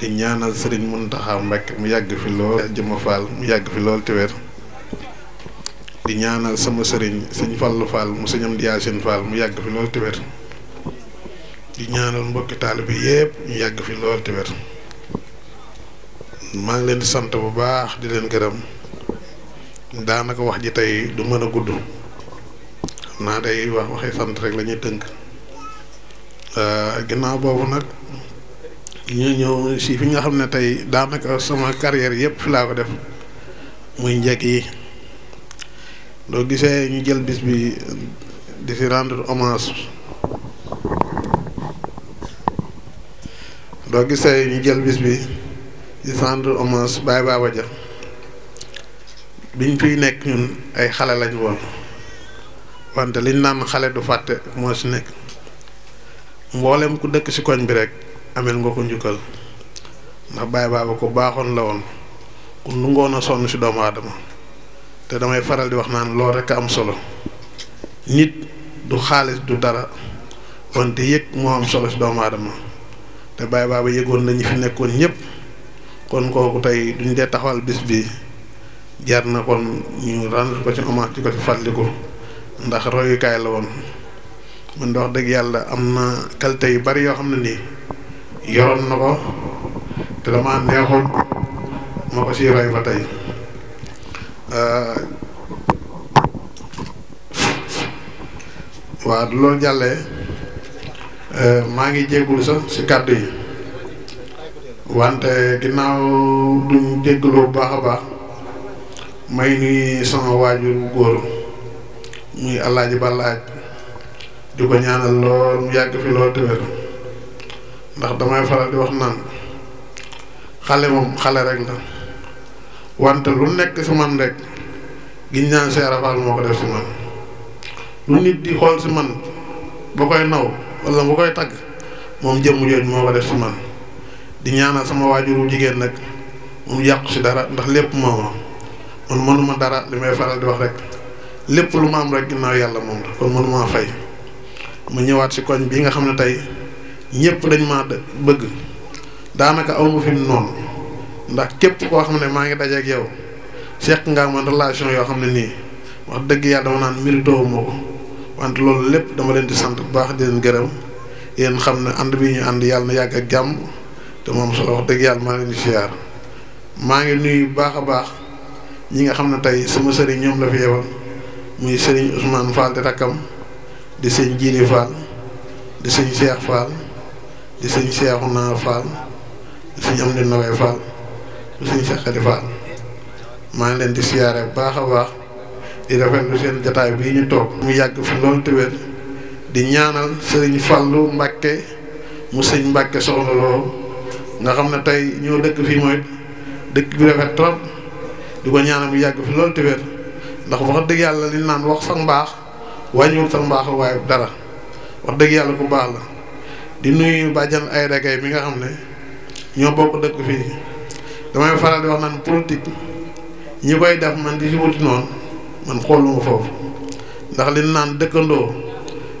di ñaanal sëriñ taxa Mbàkke mu yàgg fi lool jëma faal mu yàgg fi lool te di ñaanal sama sëriñ sëñ Fallu Fall mu sëñ Amdi Yaasin Fall mu yàgg fi lool te wér di ñaanal mbokki taalibe yépp ñu yàgg fi lool te maa ngi leen di sant bu baax di leen gërëm daanaka wax ji tey du mën a gudd xam naa day wax waxee sant rek la tënk euh, ginnaaw boobu nag ñu ñëw si fi nga xam ne tey daanaka sama carrière yëpp laa ko def muy njëkk yi loo gisee ñu jël bis bi di si rendre hommage loo gisee ñu jël bis bi di rendre hommage Baye Baba Dia biñ fiy nekk ñun ay xale lañ woon wante liñ naan xale du fàtte moo si nekk mboolem ku dëkk si koñ bi rek. amel nga ko njukkal ndax baay baaba ko baaxoon la woon kon nu ngoon a sonn si doomu aadama te damay faral di wax naan lool rekk a am solo nit du xaalis du dara wante yëg moo am solo si doomu aadama te baay baaba yëgoon nañu fi nekkoon ñëpp kon kooku tey duñ dee taxawal bis bi jar na kon ñu rendre ko ci hommage ci ko ci fàttaliku ndax royukaay la woon man de dëgg yàlla am na qualité yu bari yoo xam ne nii yoroon na ko te dama neexoon ma ko siy roy tey waaw du loolu jàllee maa ngi jéggul sax ci kàddu yi wante ginnaaw duñ jéggaloo bu baax a baax may nuyu sama waajur bu góor muy Alaaji Balaaj di ko ñaanal lool mu yàgg fi lool te ndax damay faral di wax naan xale moom xale rek la wante lu nekk si man rek giñ naan seerafaal moo ko def si man lu nit di xool si man ba koy naw wala bu koy tagg moom jëmm jooju moo ko def si man di ñaanal sama waajuru jigéen nag moom yàqu si dara ndax lépp mooma man mënuma dara li may faral di wax rek lépp lu ma am rek ginnaaw yàlla moom la kon mënuma fay ma ñëwaat si koñ bi nga xam ne tey ñëpp dañ ma bëgg daanaka aw fi mu noonu ndax képp koo xam ne maa ngi dajeeg yow seq nga man relation yoo xam ne nii wax dëgg yàlla dama naan méritoo moo ko wante loolu lépp dama leen di sant bu baax di leen gërëm yéen xam ne ànd bi ñu ànd yàlla na yàgg ak jàmm te moom soo wax dëgg yàlla ma leen di siyaar maa ngi nuyu bu baax a baax ñi nga xam ne tey su ma sëriñ ñoom la fi yebal muy sëriñ Ousmane Fall di rakkam di sëñ Jini Fall di sëñ Cheikh Fall. di sëñ Cheikhouna Fall di sëñ Amady Naway Fall di sëñ Cheikh Khady Fall maa ngi leen di siyaare bu baax a baax di rafetlu seen jataay bii ñu toog mu yàgg fi loolu te di ñaanal sëriñ Fallou Mbacke mu sëñ Mbacke soxna loolu nga xam ne tey ñoo dëkk fii mooy dëkk bi rafet trop di ko ñaanal mu yàgg fi loolu te ndax wax dëgg yàlla li naan wax sax mbaax wàññiwul sax mbaax waaye dara wax dëgg yàlla ko baax la di nuyu bàjjan ay regay bi nga xam ne ñoo bokk dëkk fii damay faral di wax naan politique ñi koy def man di si wuti noonu man xooluma foofu ndax li naan dëkkandoo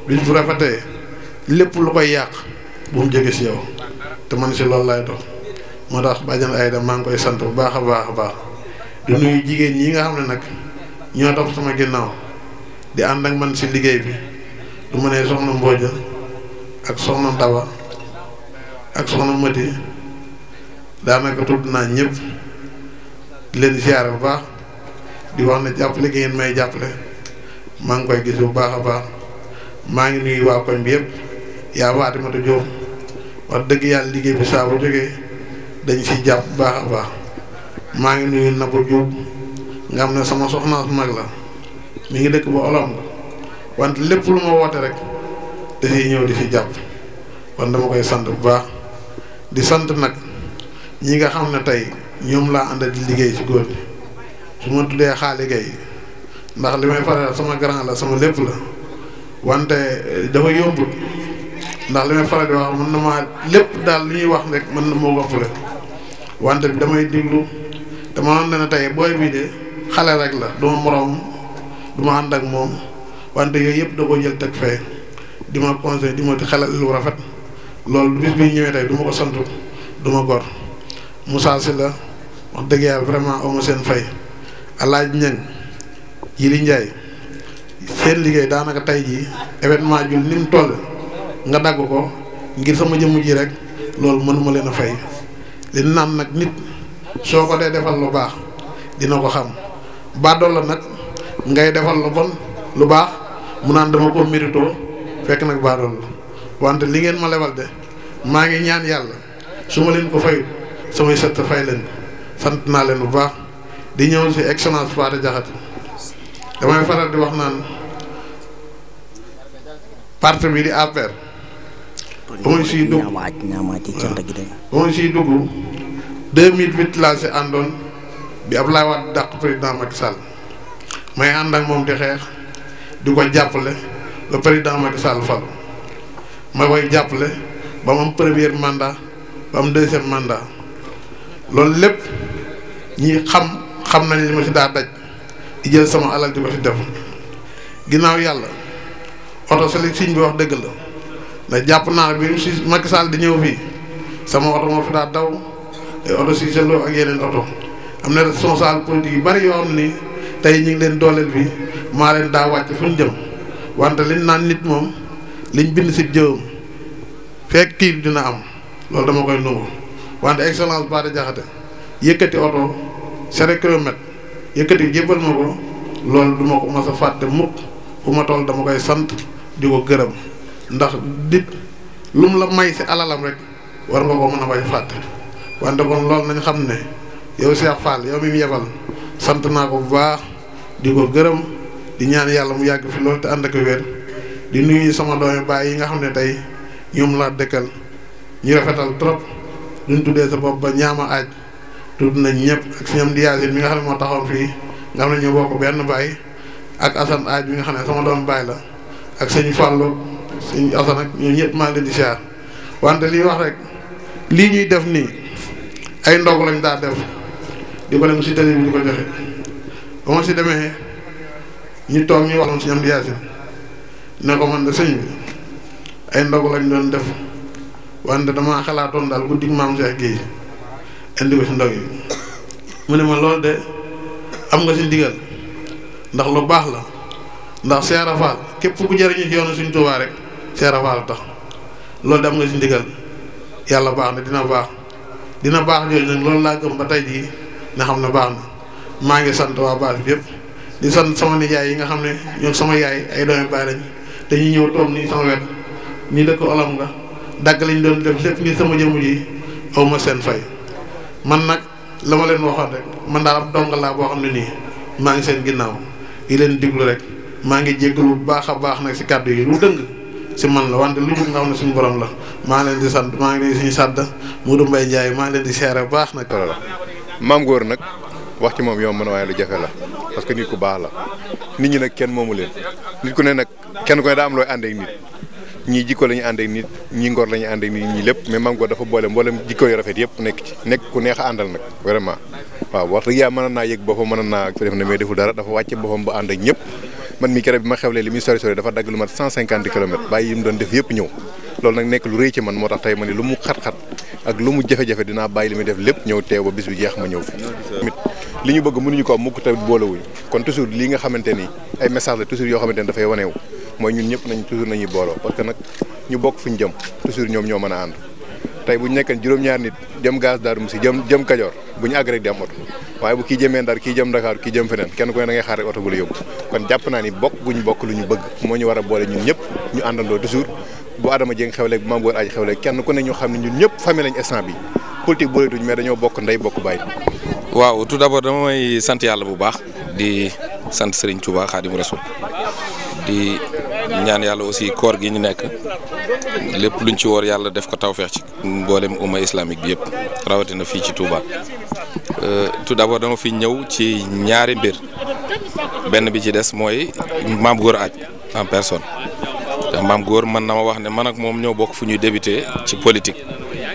bi ñu rafetee lépp lu koy yàq bu mu jóge si yow te man si loolu lay dox moo tax bàjjan ay maa ngi koy sant bu baax a baax a baax di nuyu jigéen ñi nga xam ne nag ñoo topp sama ginnaaw di ànd ak man si liggéey bi du ma nee soxna Mbodja. ak soxna Ndawa ak soxna Mati daanaka tudd naa ñëpp di leen bu baax di wax ne jàpp gi ngeen jàpp jàppale maa ngi koy gis bu baax a baax maa ngi nuyu waa koñ bi yëpp yaa waati ma te Jóob wax dëgg yàlla liggéey bi saa bu jógee dañ siy jàpp baax a baax maa ngi nuy Nabou Jóob nga xam ne sama soxnaas mag la mi ngi dëkk ba olom wante lépp lu ma woote rek. dafay ñëw di fi jàpp kon dama koy sant bu baax di sant nag ñi nga xam ne tey ñoom laa ànd di liggéey ci góor ñi su ma tuddee xaali gay ndax li may faral sama grand la sama lépp la wante eh, dafa yombut ndax li may faral di wax mën na maa lépp daal li ñuy wax rek mën na moo ëppale wante bi damay diglu dama noon ne tey booy bii de xale rek la duma moroom duma ànd ak moom wante yooyu yëpp da ko jël teg fee di ma conseil di ma di xelal lu rafet loolu bis bi ñëwee tey du ma ko santu du ma gor Moussa la wax dëgg yàlla vraiment aw seen fay alaaj yi Yili Njaay seen liggéey daanaka tey jii événement jul ni mu toll nga dagg ko ngir sama jëmm ji rek loolu mënuma leen a fay li naan nag nit soo ko dee defal lu baax dina ko xam baadool la nag ngay defal lu bon lu baax mu naan dama ko mérito fekk nag baadool la wante li ngeen ma lebal de maa ngi ñaan yàlla su ma leen ko fay samay sett fay leen fant naa leen bu baax di ñëw si excellence Fata Diakhaté damay faral di wax naan parti bi di APR. ba ma siy dugg ba ma siy dugg 2008 laa si àndoon bi ab Abdoulaye Wade dàq président Macky Sall may ànd ak moom di xeex di ko jàppale. le président Macky Sall fal ma koy jàppale ba mu am premier mandat ba am deuxième mandat loolu lépp ñi xam xam nañ li ma ci daa daj di jël sama alal di ko ci def ginnaaw yàlla oto sa li bi wax dëgg la ndax jàpp naa bi si Macky Sall di ñëw fii sama oto moo fi daa daw ay oto si selo ak yeneen oto am na responsable politique yu bari yoo xam ni tey ñu ngi leen dooleel bi maa leen daa wàcc fu ñu jëm wante liñ nan nit mom liñ bind ci jëwam fek kii dina am lolou dama koy nangu wante excellence da Diakhaté yeketi auto sere kilomètre yëkkati jébbal ma ko loolu du ko mas fatte mukk ma dama koy sant di ko ndax dit lum la may ci alalam rek war nga ko mën bay fatte kon lolou nañ xamne yow Cheikh Fall yow mi yebal sant nako bu baax di ko di ñaan yàlla mu yàgg fi loolu te ànd ak wér di nuyu sama doomi baay yi nga xam ne tey ñoom laa dëkkal ñu rafetal trop duñ tuddee sa bopp ba ñaama aaj tudd nañ ñëpp ak ñam di yaasin mi nga xam ne moo taxawoon fii nga xam ne ñu bokk benn baay ak asan aaj mi nga xam ne sama doom baay la ak sëñ Fallou sëñ asan ak ñoom ñëpp maa ngi di siyaar wante li wax rek lii ñuy def nii ay ndog lañ daa def di ko dem si télé bi di ko joxe ba ma si demee ñi toog ñi wax si am di yaasin sëñ ay ndog lañ doon def wante damaa xalaatoon daal guddi maam Cheikh Guèye indi ko si ndog yi mu ne ma lool de am nga si ndigal ndax lu baax la ndax Cheikh képp ku jëriñu si yoonu suñ Tuubaa rek Cheikh Rafal tax loolu de am nga si ndigal yàlla baax na dina baax dina baax jooju nag loolu laa gëm ba tey jii ne xam ne baax na maa ngi sant waa baax bi yëpp. di sant sama nijaay yi nga xam ne ñoom sama yaay ay doomi baay te dañuy ñëw toog nii sama wet ñi dëkk olam nga dagg lañ doon def lépp ni sama jëmm yi aw ma seen fay man nag la ma leen waxoon rek man daal ab donga laa boo xam ne nii maa ngi seen ginnaaw yi leen diglu rek maa ngi jéggalu bu baax a baax nag si kàddu yi lu dëng si man la wante lu jub nga xam ne suñu borom la maa leen di sant maa ngi leen di suñu sàdd Modou Mbaye Ndiaye maa leen di seere bu baax nag. maam góor nag. wax ci moom yomb na waaye lu jafe la parce que nit ku baax la nit ñi nag kenn moomu leen nit ku ne nag kenn ku ne daa am looy àndeek nit ñii jikko la ñu àndeek nit ñii ngor la ñu àndeek nit ñii lépp mais Mame Goor boole mboolem jikko yu rafet yëpp nekk ci nekk ku neex a àndal nag vraiment waaw wax dëgg yàlla mën naa yëg boppam mën dara dafa wàcce boppam ba ànd ak ñëpp man mi keroog bi ma xewlee li bàyyi yi mu doon def yëpp ñëw loolu nag nekk lu rëy ci man moo tax tey ma ne lu mu xat-xat ak lu mu jafe-jafe dinaa bàyyi li mu def lépp ñëw teew ba bis bi jeex ma ñëw fi li ñu bëgg mënuñu ko am mukk tamit boolewuñu kon toujours li nga xamante ni ay message la toujours yoo xamante ni dafay wanewu mooy ñun ñëpp nañ toujours nañuy booloo parce que nag ñu bokk fi ñu jëm mën a ànd tey bu ñu juróom-ñaari nit jëm gaz daaru musi jëm jëm kajoor bu ñu àgg rek bu kii jëmee ndar kii jëm Dakar kii jëm feneen kenn ku ne da ngay xaar rek oto naa ni bokk guñ bokk lu ñu bëgg moo ñu war a boole ñun ñëpp ñu àndandoo toujours bu Adama xew xewleeg bu Mame Gor Aji xewleeg kenn ku ne ñu xam ne ñun ñëpp famille lañ instant bi politique bëreetuñ me dañoo bokk ndey bokk bàyyi. waaw tu d'abord dama may sant yàlla bu baax di sant Serigne Touba Khadim Rasoul di ñaan yàlla aussi koor gi ñu nekk lépp luñ ci woor yàlla def ko tawfeex ci mboolem umma islamique bi yëpp rawatina fii ci Touba. Euh, tu d'abord dama fi ñëw ci ñaari mbir benn bi ci des mooy maam góor aaj en personne maam góor man na ma wax ne man moom ñoo bokk fu ñuy débuté ci politique.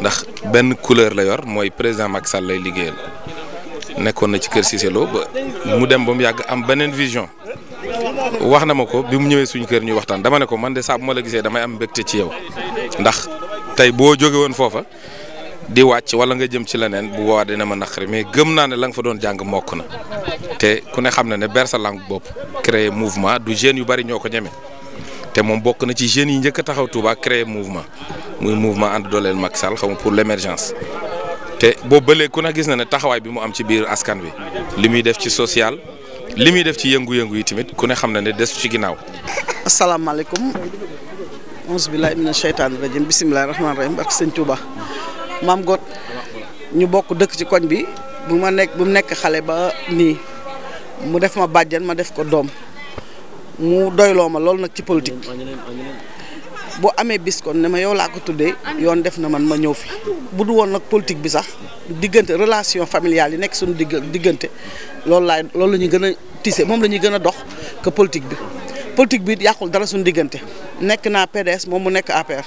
ndax benn couleur la yor mooy président Macky Sall lay liggéeyal nekkoon na ci kër Cissé Lo ba mu dem ba mu yàgg am beneen vision wax na ma ko bi mu ñëwee suñu kër ñu waxtaan dama ne ko man de saa bu ma la gisee damay am mbégte ci yow ndax tey boo jóge woon foofa di wàcc wala nga jëm ci leneen bu boobaa dina ma naqari mais gëm naa ne la nga fa doon jàng mokk na te ku ne xam ne ne bersa langue bopp créer mouvement du jeunes yu bari ñoo ko ñeme. te moom bokk na ci jeunes yi njëkk taxaw Touba créer mouvement muy mouvement and dooleel Macky Sall pour l' émergence te boo ba léegi ku ne gis na ne taxawaay bi mu am ci biir askan wi li muy def ci social li muy def ci yëngu-yëngu yi tamit ku ne xam na ne des ci ginnaaw. asalaamaaleykum. auzu billaahi mina sheytaani rajiim bismillaahi ak sëñ Touba maam Got ñu bokk dëkk ci koñ bi bu ma nekk bu nekk xale ba nii mu def ma bàjjan ma def ko doom. mu doyloo ma loolu nag ci politique boo amee bis kon ne ma yow laa ko tuddee yoon def na man ma ñëw fi bu du woon nag politique bi sax diggante relation familiale yi nekk suñu digg diggante loolu laay loolu la ñuy gën a tissé moom la ñuy gën a dox que politique bi politique bi it yàqul dara suñu diggante nekk naa PDS moom mu nekk APR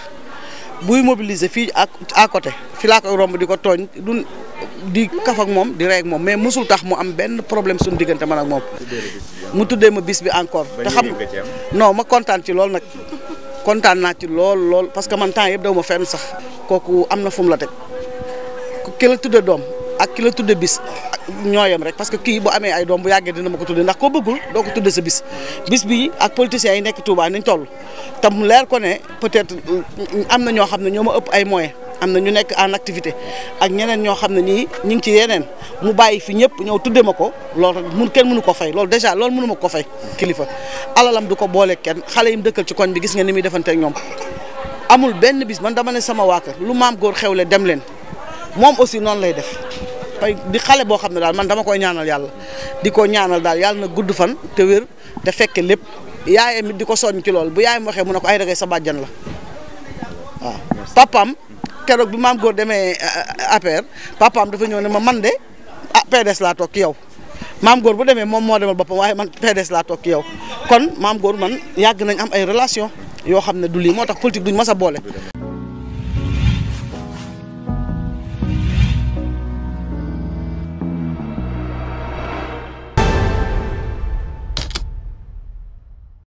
buy mobiliser fii à côté fi laa koy romb di ko tooñ di kaf ak moom di rey moom mais mosul tax mu am benn problème suñu diggante man nag moom. mu tuddee ma bis bi encore. te xam non ma kontaan ci lool nag. kontaan naa ci lool lool parce que man temps yëpp daw ma fenn sax. kooku am na fu la teg ki la tudde doom ak ki la tudde bis ñooyam rek parce que kii bu amee ay doom bu yàggee dina ma ko tuddee ndax ko bëggul doo ko tudde sa bis bis bi ak politiciens yi nekk Touba niñ toll tam leer ko ne peut-être mm, mm, am na ñoo xam ne ñoo ma ëpp ay am na ñu nekk en activité ak ñeneen ñoo xam ne nii ñu ngi ci yeneen mu bàyyi fi ñëpp ñëw tuddee ma ko loolu mun kenn mënu ko fay loolu dèjà loolu mënu ma ko fay kilifa alalam du ko boole kenn xale yi mu dëkkal ci koñ bi gis nga ni muy defante ak ñoom amul benn bis man dama ne sama waa kër lu maam góor xewle dem leen moom aussi noonu lay def di xale boo xam ne daal man dama koy ñaanal yàlla di ko ñaanal daal yàlla na gudd fan te wér te fekke lépp yaayam di ko soññ ci loolu bu yaayam waxee mu ne ko ay ragay sa bàjjan la keroog bi maam góor demee euh, APR papaam dafa ñëw ne ma man de ah PDS laa toog yow maam góor bu demee moom moo demal boppam waaye man PDS laa toog yow kon maam góor man yàgg nañ am ay relation yoo xam ne du lii moo tax politique duñ mës a boole.